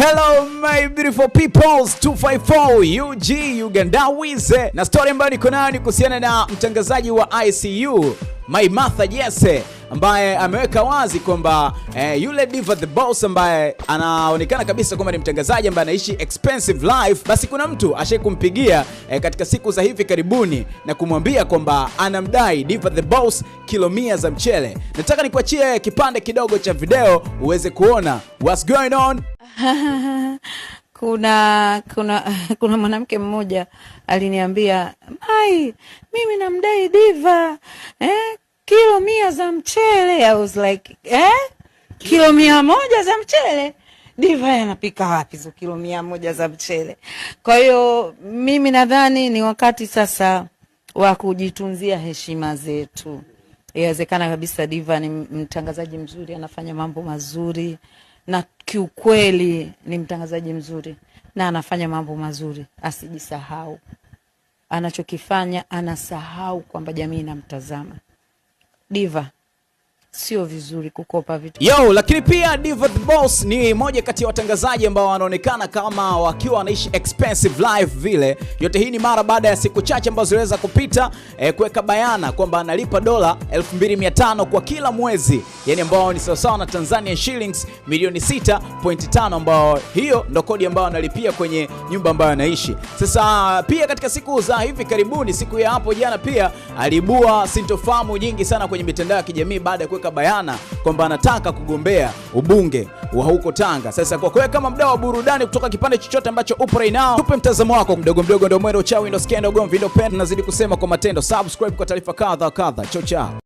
Hello my beautiful peoples 254 UG Uganda Wize na story ambayo niko nayo ni kuhusiana na mtangazaji wa ICU Maimartha Jesse ambaye ameweka wazi kwamba eh, yule diva the boss ambaye anaonekana kabisa kwamba ni mtangazaji ambaye anaishi expensive life, basi kuna mtu ashai kumpigia eh, katika siku za hivi karibuni na kumwambia kwamba anamdai diva the boss kilo mia za mchele. Nataka nikuachie kipande kidogo cha video uweze kuona what's going on kuna kuna kuna mwanamke mmoja aliniambia mai, mimi namdai Diva eh, kilo mia za mchele. I was like eh, kilo mia moja za mchele Diva anapika wapi zo kilo mia moja za mchele? Kwa hiyo mimi nadhani ni wakati sasa wa kujitunzia heshima zetu. Inawezekana kabisa Diva ni mtangazaji mzuri, anafanya mambo mazuri na kiukweli ni mtangazaji mzuri na anafanya mambo mazuri, asijisahau anachokifanya, anasahau kwamba jamii inamtazama. Diva Sio vizuri kukopa vitu. Yo, lakini pia Diva the Boss ni moja kati ya watangazaji ambao wanaonekana kama wakiwa wanaishi expensive life vile. Yote hii ni mara baada ya siku chache ambazo ziliweza kupita eh, kuweka bayana kwamba analipa dola 2500 kwa kila mwezi, yani ambao ni sawasawa na Tanzania shillings milioni 6.5, ambao hiyo ndo kodi ambayo analipia kwenye nyumba ambayo anaishi. Sasa pia katika siku za hivi karibuni, siku ya hapo jana, pia alibua sintofahamu nyingi sana kwenye mitandao ya kijamii baada ya kuweka bayana kwamba anataka kugombea ubunge wa huko Tanga. Sasa kwa kweli, kama mdau wa burudani kutoka kipande chochote ambacho upo right now, tupe mtazamo wako mdogo mdogo. Ndio mwendo chao, ndio skendo gomvi, ndio Nazidi kusema kwa matendo, subscribe kwa taarifa kadha kadha. Chao chao.